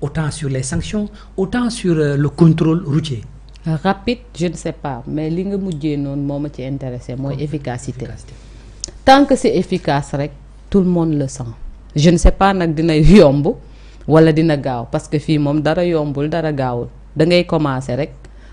autant sur les sanctions, autant sur euh, le contrôle routier Rapide, je ne sais pas, mais ce non je suis intéressé, c'est efficacité Tant que c'est efficace, tout le monde le sent. Je ne sais pas si dina yomb wala dina gaaw parce que fii moom dara yombul dara gaawul da ngay commencer rek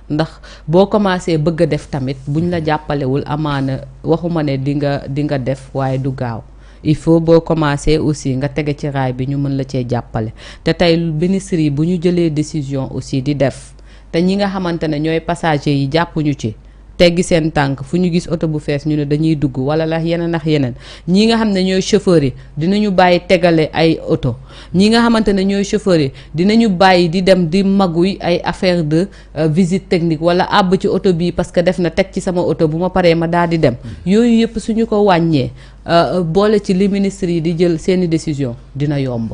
ndax boo commencé bëgg def tamit buñ la jàppalewul amaana waxuma ne di nga di nga def waaye du gaaw il faut boo commencé aussi nga tege ci raay bi ñu mën la cee jàppale te tey ministre yi bu ñu jëlee décision aussi di def te ñi nga xamante ne ñooy passager yi jàppuñu ci teggi seen tànk fu ñu gis oto bu fees ñu ne dañuy dugg wala la yeneen ak yeneen ñi nga xam ne ñooy chauffeurs yi dinañu bàyyi tegale ay oto ñi nga xamante ne ñooy chauffeurs yi dinañu bàyyi di dem di maguy ay affaire de euh, visite technique wala àbb ci oto bii parce que def na teg ci sama oto bu ma paree ma daal di dem yooyu yëpp suñu ko wàññee euh, boole ci li ministre yi di jël seeni décision dina yomb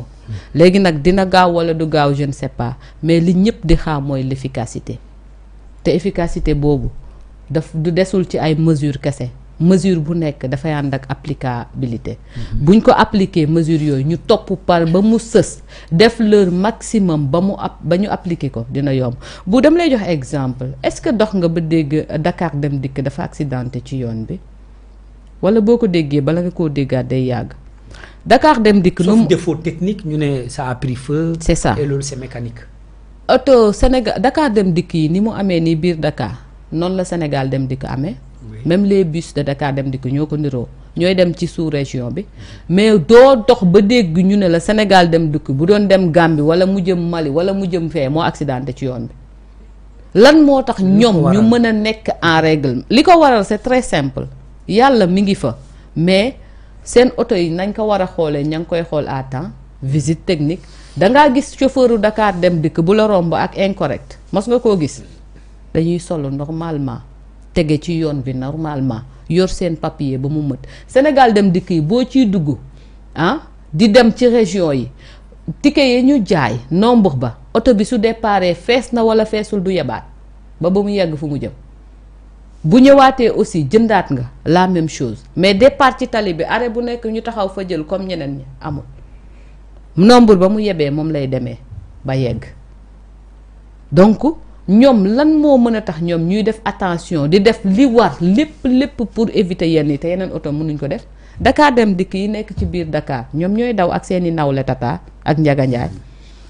léegi nag dina gaaw wala du gaaw jeune ne pas mais li ñëpp di xaar mooy te efficacité boobu daf du desul ci ay mesures kese mesure bu nekk dafay ànd ak applicabilité mhm. buñ ko appliquer mesure yooyu ñu topp par ba mu sës def leur maximum ba mu ab ba ñu appliquer ko dina yomb bu dem lay jox exemple est-ce que dox nga ba dégg euh, dakaar dem dikk dafa accidenté ci yoon bi wala boo ko déggee bala nga koo déggaat day yàgg dakaar dem dikk lu mu défaut technique ñu ne ça a pris feu c'est loolu c'est mécanique oto Sénégal Dakar dem dikk yi ni mu amee nii biir Dakar noonu la Sénégal dem dikk amee même les bus de Dakar dem dikk ñoo ko niroo ñooy dem ci sous région bi mais doo dox ba dégg ñu ne la Sénégal dem dikk bu doon dem Gambie wala mu jëm Mali wala mu jëm fee moo accidenté ci yoon bi lan moo tax ñoom ñu mën a nekk en règle li ko waral c'est très simple yàlla mi ngi fa mais seen oto yi nañ ko war a xoolee ña ngi koy xool à temps visite technique dangaa gis chauffeuru dakaar dem dikk bu la romb ak incorrect mos nga koo gis dañuy solo normalement tege ci yoon bi normalement yor seen papier ba mu mët Sénégal dem dikk yi boo ciy dugg ah di dem ci région yi ticket yi ñu jaay nombre ba oto bi su déparé fees na wala feesul du yebaat ba ba mu yegg fu mu jëm bu ñëwaatee aussi jëndaat nga la même chose mais départ ci tali bi arrêt bu nekk ñu taxaw fa jël comme ñeneen ñi amul nombre ba mu yebee moom lay demee ba yegg Nyom lan mo mën nyom, tax ñoom ñuy def attention di def li war lépp lépp pour éviter yenn yi te mënuñ ko def Dakar dem dikk yi nekk ci biir Dakar ñoom ñooy daw ak seeni nawle tata ak njaga njaay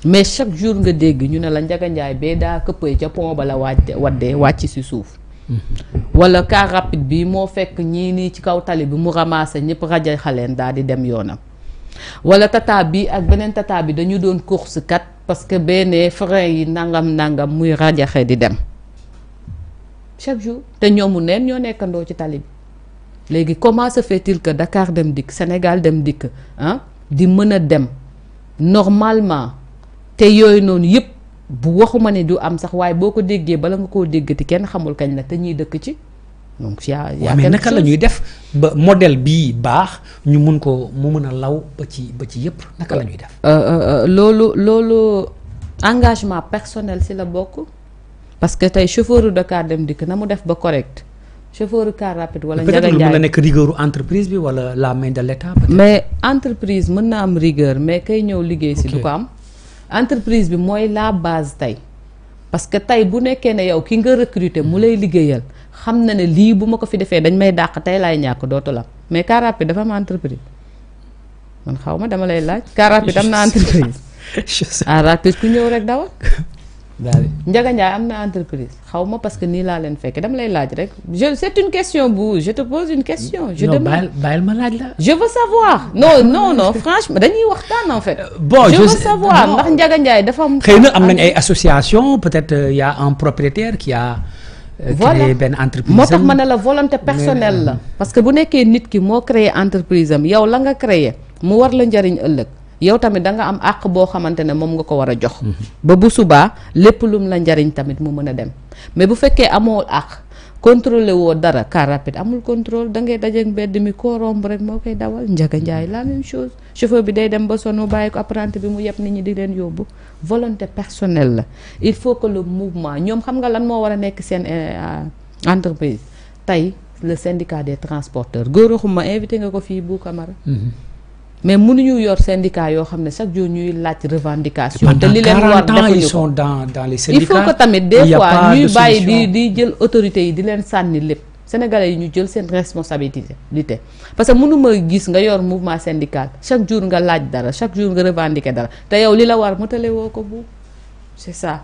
mais chaque jour nga dégg ñu ne la njaga njaay bee daa këppay pont ba la wala car rapide bi mo fekk ñii nii ci kaw tali bi mu ramassé ñëpp raja xaleen daal di dem wala tata bi ak beneen tata bi dañu doon course kat parce que benn frein yi nangam nangam muy rajaxe di dem chaque jour te ñoomu neen ñoo nekkandoo ci tali bi léegi comment se fait-il que Dakar dem dikk Sénégal dem dikk ah di mën a dem normalement te yooyu noonu yëpp bu waxuma ne du am sax waaye boo ko déggee bala nga koo déggati kenn xamul kañ la te ñiy dëkk ci donc y' a y' a mais naka la ñuy def ba modèle bii baax ñu mun ko mu mun a law ba ci ba ci yëpp naka la ñuy def. Euh, euh, euh, loolu loolu engagement personnel si la bokk parce que tey chauffeur de car dem dikk na mu def ba correct chauffeur car rapide wala. njëkk a jaay peut-être mën na bi wala la main de l'État mais entreprise mën na am rigueur mais kay ñëw liggéey si du ko am. entreprise bi mooy la base tey parce que tey bu nekkee ne yow ki nga recruter mu lay liggéeyal. xam na ne lii ko fi defee dañ may dàq tey laay ñàkk mais dafa entreprise man xaw ma dama lay laaj. entreprise. Je ah, rek Njaga entreprise xaw ma parce que nii laa leen fekk dama je c'est une question bu je te pose une question. je demande ma je veux savoir non ah. non non franchement dañuy en fait. Euh, je veux savoir ndax Njaga dafa association peut-être euh, y a un propriétaire qui a. Euh, voilà benn entreprise moo tax ma ne la volonté personnelle la parce que bu nekkee nit ki moo créer entreprise am yow la nga créer mu war la njariñ ëllëg yow tamit da nga am àq boo xamante ne moom nga ko war a jox mhm. ba bu subaa lépp lum la njariñ tamit mu mën a dem mais bu fekkee amoo àq contrôlé woo dara car rapide amul contrôle da ngay dajeeg mbedd mi koo rek moo koy dawal njaga njaay la même chose chauffeur bi day dem ba sonn mu bàyyi ko apprenti bi mu yeb nit ñi di leen yóbbu volonté personnelle il faut que le mouvement ñoom xam nga lan moo war a nekk seen euh, entreprise tey le syndicat des transporteurs Gora Khouma invité nga ko fii bu mais mhm. mais mënuñu yor syndicat yoo xam ne chaque jour ñuy laaj revendication te li leen war defuñu ko dans les syndicats il faut que tamit des fois ñuy bàyyi di di jël autorités yi di leen sànni lépp sénégalais yi ñu jël seen responsabilité parce que mënuma gis nga yor mouvement syndical chaque jour nga laaj dara chaque jour nga revendiquer dara te yow li la war matale woo ko bu c'est ça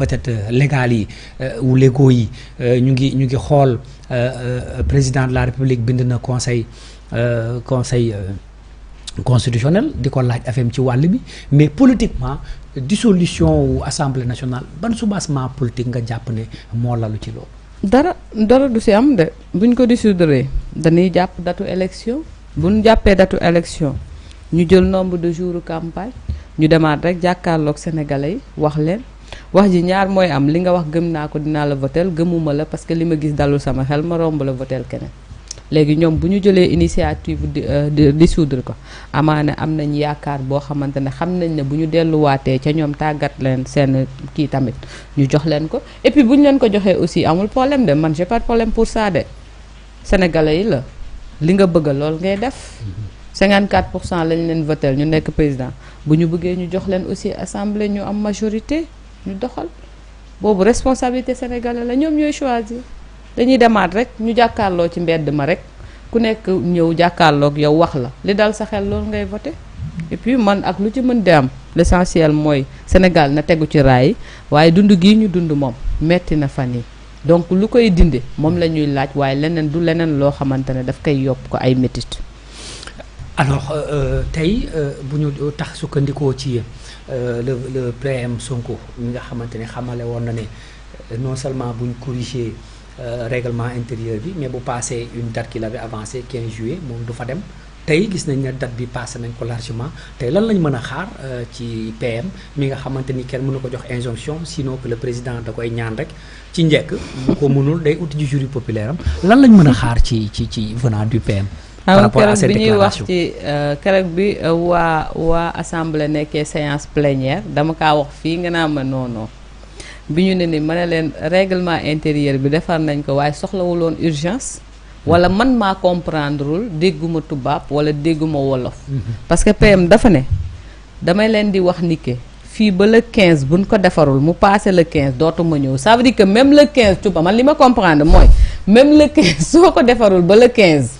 peut-être euh, légal yi euh, ou légaux yi euh, ñu ngi ñu ngi xool président de la république bind na conseil conseil constitutionnel diko laaj afem ci wàll bi mais politiquement dissolution ou assemblée nationale ban soubassement politique nga jàpp ne moo lalu ci loolu. dara dara du si am de buñ ko dissoudre dañuy japp datu élection buñ jappé datu élection ñu jël nombre de jours campagne ñu demaat rek jàkkaarloog sénégalais wax leen. wax ji ñaar mooy am li nga wax gëm naa ko dinaa la votel gëmuma la parce que li ma gis dalul sama xel ma romb la votel keneen léegi ñoom bu ñu jëlee initiative di euh, di dissoudre ko amaana am nañ yaakaar boo xamante ne xam nañ ne bu ñu delluwaatee ca ñoom tàggat leen seen kii tamit ñu jox leen ko et bu ñu leen ko joxee aussi amul problème de man j'ai pas de problème pour ça de sénégalais yi la li nga bëgg lool ngay def. 54 pour cent lañ leen votel ñu nekk président bu ñu bëggee ñu jox leen aussi assemblée ñu am majorité. ñu doxal boobu responsabilité sénégalais la ñoom ñooy choisir dañuy demaat rek ñu jàkkaarloo ci mbedd ma rek ku nekk ñëw jàkkaarlook yow wax la li dal sa xel loolu ngay voté et puis man ak lu ci mën di am l' mooy Sénégal na tegu ci raay waaye dund gii ñu dund moom metti na fan yi donc lu koy dindi moom la ñuy laaj waaye leneen du leneen loo xamante ne daf koy yopp ko ay métit alors euh, tey euh, bu ñu tax sukkandikoo ci Euh, le le PM Sonko mi nga xamante ne xamale na ne euh, non seulement buñ corriger euh, règlement intérieur bi mais bu passer une date qu'il avait avancée 15 juillet moom du fa dem tey gis nañ ne date bi passé nañ ko largement tey lan lañ mëna xaar ci PM mi nga xamanteni ni kenn mënu ko jox injonction sinon que le président da koy ñaan rek ci njëkk ko mënul day outil du jury populaire am lan lañ mëna xaar ci ci ci venant du PM par rapport bi ñuy wax ci euh, keroog bi euh, waa waa assemblée nekkee séance plénière dama kaa wax fii nga naa ma non bi ñu ne ni ma ne leen réglement intérieur bi defar nañ ko waaye soxlawuloon urgence. wala mm-hmm. man maa comprendreul dégguma tubaab wala dégguma wolof. Mm-hmm. parce que PM dafa ne damay leen di wax ni que fii ba le 15 buñ ko defarul mu passé le 15 dootuma ñëw sa veut dire que même le 15 tubaab man li ma comprendre mooy même le 15 soo ko defarul ba le 15.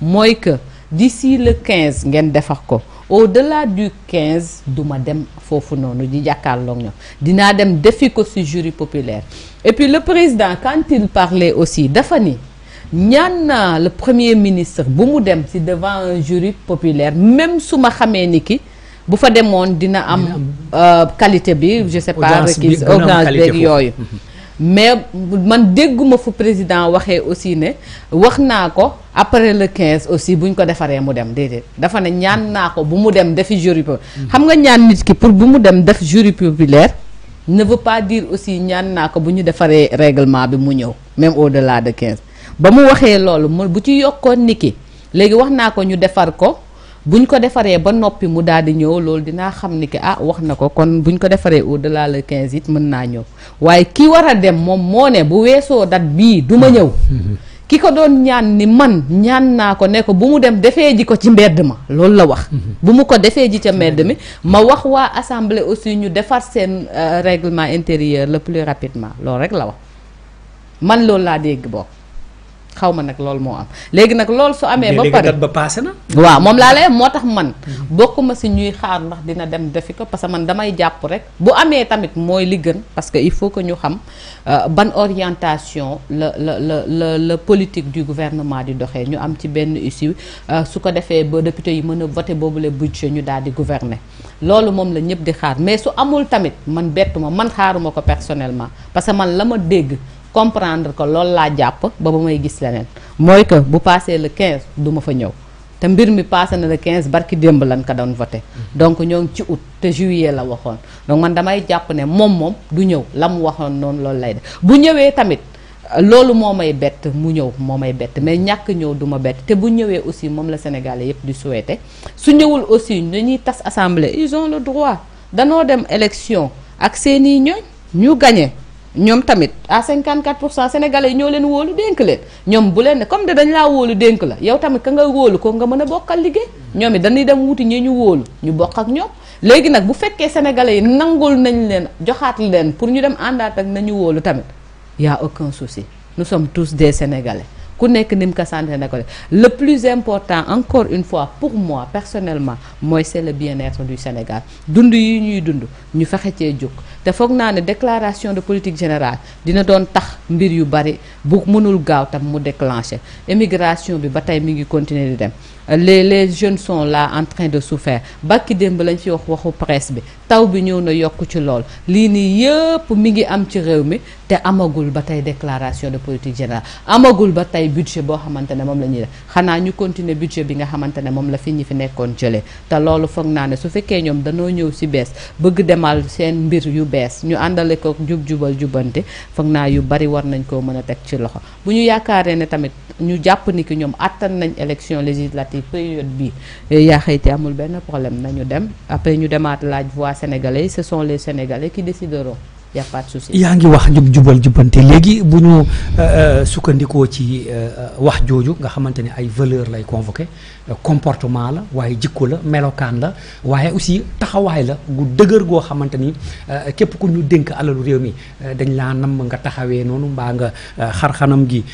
moy que d'ici le 15 defar au-delà du 15 douma ma dem fofu noonu di jàkkaarloog dem défi ko jury populaire et puis le président quand il parlait aussi dafani ñana le premier ministre bu mu dem ci devant un jury populaire même sous ma niki bu fa qui dina am euh, qualité bi je sais pas requise mais man dégguma fu président waxee aussi ne wax naa ko après le quinze aussi buñ ko defaree mu dem déedéet dafa ne ñaan naa ko bu mu dem defi jury populaire xam nga ñaan nit pour bu mu dem def jury populaire ne veut pas dire aussi ñaan naa ko bu ñu defaree règlement bi mu ñëw même au la de quinze ba mu waxee loolu mu bu ci yokkoon nit ki léegi wax naa ko ñu defar ko buñ ko defaree ba noppi mu daal di ñëw loolu dinaa xam ni que ah wax na ko kon buñ ko defaree au delà le 15 it mën naa ñëw waaye ki war a dem moom moo ne bu weesoo dat bii du ma ñëw. ki ko doon ñaan ni man ñaan naa ko ne bu mu dem defee ji ko ci mbedd ma loolu la wax bu mu ko defee ji ca mbedd mi ma wax waa assemblée aussi ñu defar seen euh, réglement intérieur le plus rapidement loolu rek la wax man loolu laa dégg bokk Je ne sais pas am legui veux dire. su amé ba pas ba passé na. Je man. ñuy xaar ndax dina dem parce que man damay parce que il faut que ñu xam euh, ban orientation la politique du gouvernement di doxé ñu am ci benn issue euh, su ko défé ba député yi budget ñu di gouverner. mais su amul tamit man man xaaruma ko personnellement parce que man la comprendre ko loolu laa jàpp ba ba may gis leneen mooy que bu passé la quinze du ma fa ñëw te mbir mi passé na la quinze barki démb lan ko doon voté mhm. donc ñoo ngi ci août te juillet la waxoon donc man damay jàpp ne moom moom du ñëw la mu waxoon noonu loolu lay def bu ñëwee tamit loolu moo may bett mu ñëw moo ay bett mais ñàkk ñëw du ma bett te bu ñëwee aussi moom la Sénégalais yëpp di souhaité su ñëwul aussi dañuy tas assemblée ils ont le droit danoo dem élection ak seeni ñooñ ñu gagné. ñom tamit à 54 sénégalais ñoo leen wolu denk leen ñom bu leen comme de dañ la wolu denk la yow tamit ka nga wóolu ko nga mëna a bokkal liggéey ñoom dañuy dem wuti ñeñu wolu ñu bokk ak ñom légui nak bu féké sénégalais yi nangul nañ leen joxaat leen pour ñu dem àndaat ak nañu wolu tamit y a aucun souci nous sommes tous des sénégalais ku nekk nim ka santé nak le plus important encore une fois pour moi personnellement moy c'est le bien-être du Sénégal dund yi ñuy dundu ñu fexe ci juk te foog naa ne déclaration de politique général dina doon tax mbir yu bari bu mënul gaaw tam mu déclenché émigration bi ba tey mi ngi continuer di dem les les jeunes son la en train de souffrir bakki démb lañ fi wax waxu presse bi taw bi ñëw na yokk ci lool lii nii yëpp mu ngi am ci réew mi te amagul ba tey declaration de politique générale amagul ba tey budget boo xamante ne moom la ñuy def xanaa ñu continuer budget bi nga xamante ne moom la fi ñu fi nekkoon jëlee te loolu foog naa ne su fekkee ñoom danoo ñëw si bees bëgg demal seen mbir yu bees ñu àndale ko jub jubal jubante foog naa yu bari war nañ koo mën a teg ci loxo bu ñu yaakaaree ne tamit ñu jàpp ni ki ñoom àttan nañ élection législative période bi eh, yaa xëyti amul benn problème nañu dem après ñu demaat laaj voix sénégalais ce sont ki sénégalais qui décideront a pas yaa ngi wax jub jubal jubbante léegi bu ñu euh, euh, sukkandikoo ci euh, wax jooju nga xamante ne ay valeur lay convoqué comportement la waaye jikko la melokaan la waaye aussi taxawaay la gu dëgër goo xamante ni képp ku ñu dénk alalu réew mi dañ laa namm nga taxawee noonu mbaa nga xarxanam gi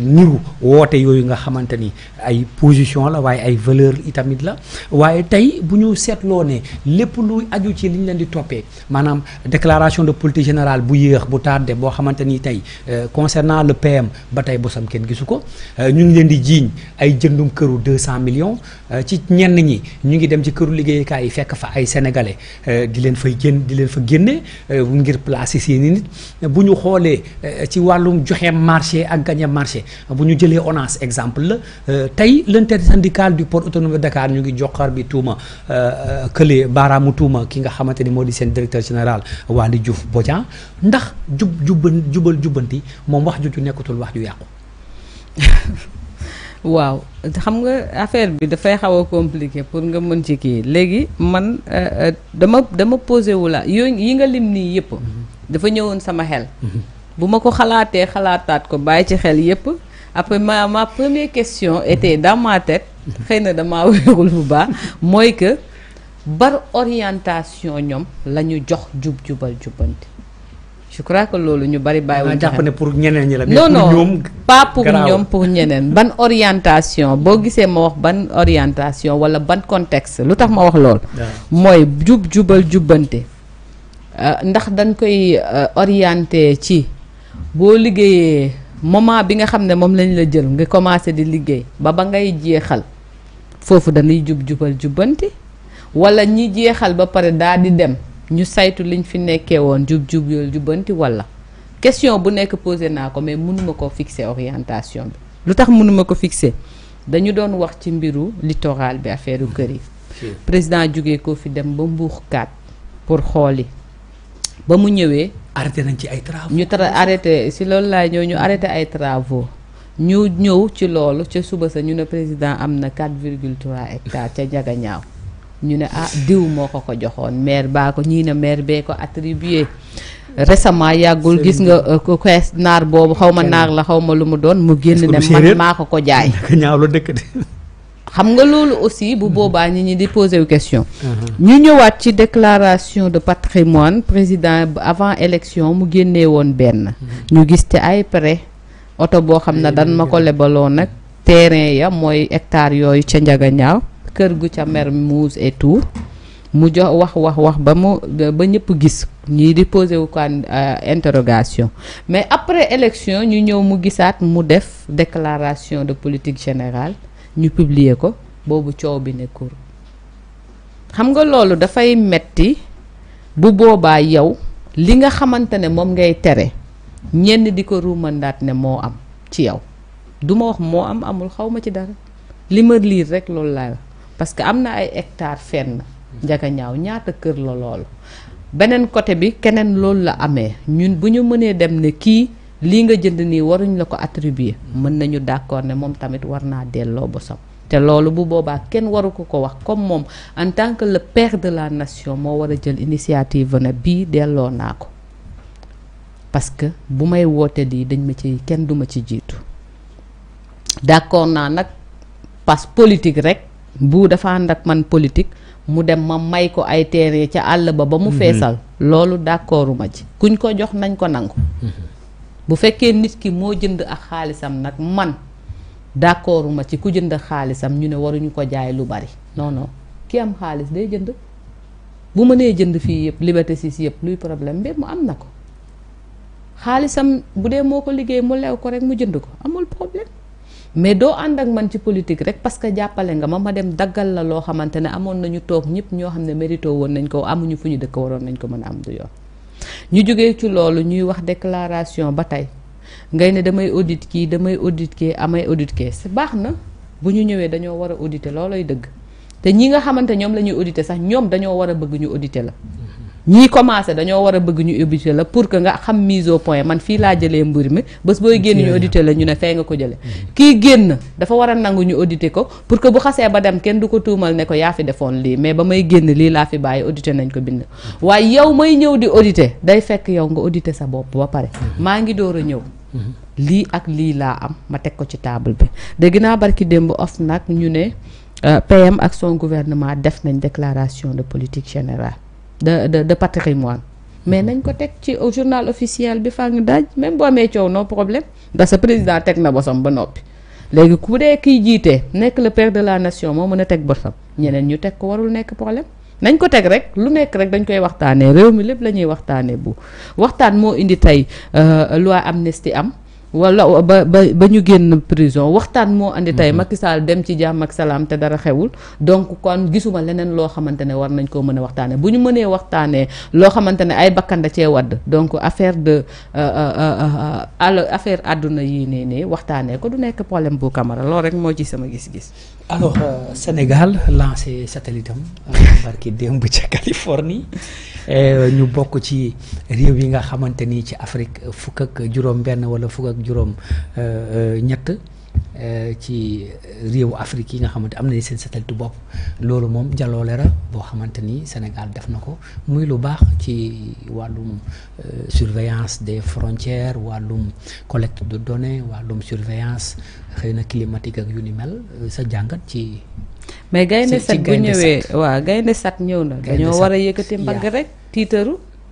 niru woote yooyu nga xamante ni ay position la waaye ay valeur itamit la waaye tey bu ñu seetloo ne lépp lu aju ci liñ leen di toppee maanaam déclaration de le générale bu yéex bu tardé bo xamante tay euh, concernant le PM bataille bossam ken gisuko nous euh, ñu ngi leen di ay jëndum 200 millions euh, ci ñenn ñi ñu ngi dem ci këru liggéeyukaay yi fekk fa ay sénégalais di leen fay génn di leen fa génne ngir placer seen nit buñu xolé ci walum joxé marché ak gagné marché buñu jëlé exemple la l'inter-syndicale du port autonome de Dakar ñu ngi joxar bi tuuma kële baramu tuuma ki nga ni directeur général wandi Diouf Bodian ndax jub jubban jubal jubbanti moom wax ju ju nekkatul wax ju yàqu waaw xam nga affaire bi dafay xaw a compliqué pour nga mën ci kii léegi man euh, euh, dama dama posé wu la yooyu yi nga lim nii yëpp mhm. dafa ñëwoon sama xel mhm. bu ma ko xalaatee xalaataat ko bàyyi ci xel yëpp après ma ma première question était dans tête mhm. xëy na damaa wéerul bu baax mooy que bar orientation ñoom la ñu jox jub jubal jubbanti je crois que loolu ñu bari bàyyiwuñu jàpp ne pour ñeneen ñi la. non non pas pour ñoom pour ñeneen ban orientation boo gisee ma wax ban orientation walla ban contexte lu tax ma wax lool. mooy jub jubal jubbante euh, ndax dañ koy euh, orienté ci boo liggéeyee moment bi nga xam ne moom lañ la jël nga commencé di liggéey ba ba ngay jeexal foofu dañuy jub jubal jubanti wala ñi jeexal ba pare daal di dem ñu saytu liñ fi nekkee woon jub jub yoolu jubanti wala question bu nekk pose naa ko mais mënuma ko fixer orientation bi lu tax mënuma ko fixer dañu doon wax ci mbiru littoral bi affaire kër yi président jógee ko fi dem ba mbuux kaat pour xooli ba mu ñëwee arrêté nañ ci ay travaux ñu tra arrêté si loolu laay ñëw ñu arrêté ay travaux ñu ñëw ci loolu ca suba sa ñu ne président am na 4 virgule 3 hectares ca Ndiaga ñu ne ah diw moo ko ko joxoon maire baa ko ñii ne maire bee ko attribué récemment yàggul gis nga euh, ku naar boobu xaw ma naar la xaw ma lu mu doon mu génn ne maa ko ko jaay ñaaw la dëkk de xam nga loolu aussi bu mm-hmm. boobaa ñi ñi di poser question uh-huh. ñu ñëwaat ci déclaration de patrimoine président avant élection mu génnee woon benn mm-hmm. ñu gis te ay prêt oto boo xam ne dan ma ko lebaloon nag terrain ya mooy hectare yooyu ca Ndiaga kër gu ca mer muus et tout mu jox wax wax wax ba mu ba ñëpp gis ñii di posé wu kan euh, interrogation mais après élection ñu ñëw mu gisaat mu def déclaration de politique générale ñu publier ko boobu coow bi ne kur xam nga loolu dafay metti bu boobaa yow li nga xamante ne moom ngay tere ñenn di ko ruumandaat ne moo am ci yow duma wax moo am amul xaw ma ci dara li ma liir rek loolu laa parce que am na ay hectares fenn njaga ñaata kër la loolu beneen côté bi keneen loolu la amee ñun bu ñu mënee dem ne kii lii nga jënd nii waruñ la ko attribuer mën nañu d'accord ne moom tamit war naa delloo bosam te loolu bu boobaa kenn waru ko ko wax comme moom en tant que le père de la nation moo war a jël initiative ne bii delloo naa ko parce que bu may woote lii dañ ma ci kenn duma ci jiitu d'accord naa nag passe politique rek bu dafa ànd ak man politique mu dem ma may ko ay terrain ca àll ba ba mu mhm. feesal loolu d'accorduma ci kuñ ko jox nañ ko nangu mhm. bu fekkee nit ki moo jënd ak xaalisam nag man d'accorduma ci ku jënd ak xaalisam ñu ne waruñu ko jaay lu bari non non ki am xaalis day jënd bu mënee jënd fii yëpp liberté sis yëpp luy problème bi mu am na ko xaalisam bu dee moo ko liggéey mu lew ko rek mu jënd ko amul problème mais doo ànd ak man ci politique rek parce que jàppale nga ma ma dem daggal la loo xamante ne amoon nañu toog ñëpp ñoo xam ne mérito woon nañ ko amuñu fu ñu dëkk waroon nañ ko mën a am du yoon ñu jógee ci loolu ñuy wax déclaration ba tey ngay ne damay audit kii damay audit kii amay audit si baax na bu ñu ñëwee dañoo war a auditer loolooy dëgg te ñi nga xamante ñoom la ñuy auditer sax ñoom dañoo war a bëgg ñu auditer la ñi commencé dañoo war a bëgg ñu auditer la pour que nga xam mise au point man fii laa jëlee mbir mi bés booy génn ñu auditer la ñu ne fee nga ko jëlee mm-hmm. kii génn dafa war a nangu ñu auditer ko pour que bu xasee ba dem kenn du ko tuumal ne ko yaa fi defoon lii mais ba may génn lii laa fi bàyyi auditer nañ ko bind mm-hmm. waaye yow may ñëw di auditer day fekk yow nga auditer sa bopp ba pare mm-hmm. maa ngi door a ñëw lii ak lii laa am ma teg ko ci table bi dégg naa barki démb of nag ñu ne euh, PM ak son gouvernement def nañ déclaration de politique générale de de de patrimoine mais nañ ko teg ci journal officiel bi fang daaj même boo amee coow no problème ndax sa président teg na bosam ba noppi léegi ku dee kiy jiitee nekk la père de la nation moo mën a teg bosam ñeneen ñu teg ko warul nekk problème nañ ko teg rek lu nekk rek dañ koy waxtaanee réew mi lépp lañuy ñuy waxtaanee bu waxtaan moo indi tey euh, loi amnistie am wala ba ba ba ñu génn prison waxtaan moo indi tey mhm. Macky Sall dem ci jàmm ak salaam te dara xewul donc kon gisuma leneen loo xamante ne war nañ koo mën a waxtaanee bu ñu mënee waxtaanee loo xamante ne ay bakkan cee wadd donc affaire de euh, euh, euh, al affaire àdduna yi nii nii waxtaanee ko du nekk problème bu Camara loolu rek moo ci sama gis-gis. alors Sénégal lancé satellite am barki démb ca Californie. Eh, ñu bokk ci réew yi nga xamante ni ci Afrique fukk ak juróom-benn wala fukk ak juróom eh, eh, ñett ci réewu Afrique yi nga xamante am na seen satellite bopp loolu moom jaloole la boo xamante ni Sénégal def na ko muy lu baax ci wàllum surveillance des frontières wàllum collecte de données wàllum surveillance xëy na climatique ak yu ni mel sa jàngat ci. mais gaynde sat bu ñëwee waaw gaynde sat ñëw na dañoo war a yëkkati mbagg rek títaru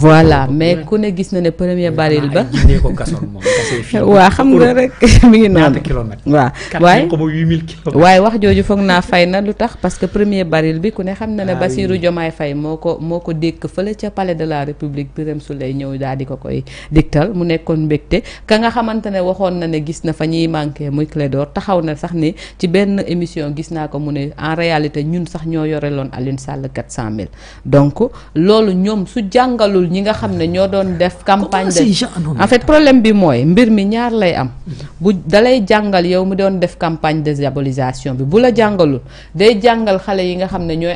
voilà mais ku ne gis na ne premier baril ba. wa xam nga rek mi ngi naan waaw waaye waaye wax jooju foog naa fay na lutax parce que premier baril bi ku ne xam na ne basirou Diomaye fay moko moko dekk fele ci palais de la République bi rem soulay ñew daal di ko koy diktal mu nekkoon mbégte ka nga xamantene waxon na ne gis na fa ñi manqué muy d'or taxaw na sax ni ci benn émission gis naa ko mu ne en réalité ñun sax ñoo yoreloon Alioune Sall 400000 donc loolu loolu ñoom su jàngalul ñi nga xam ne ñoo doon def campagne de en problème bi mooy mbir mi ñaar lay am mhm. bu dalay jàngal yow mu doon def campagne de diabolisation bi bu la jàngalul day jàngal xale yi nga xam ne ñooy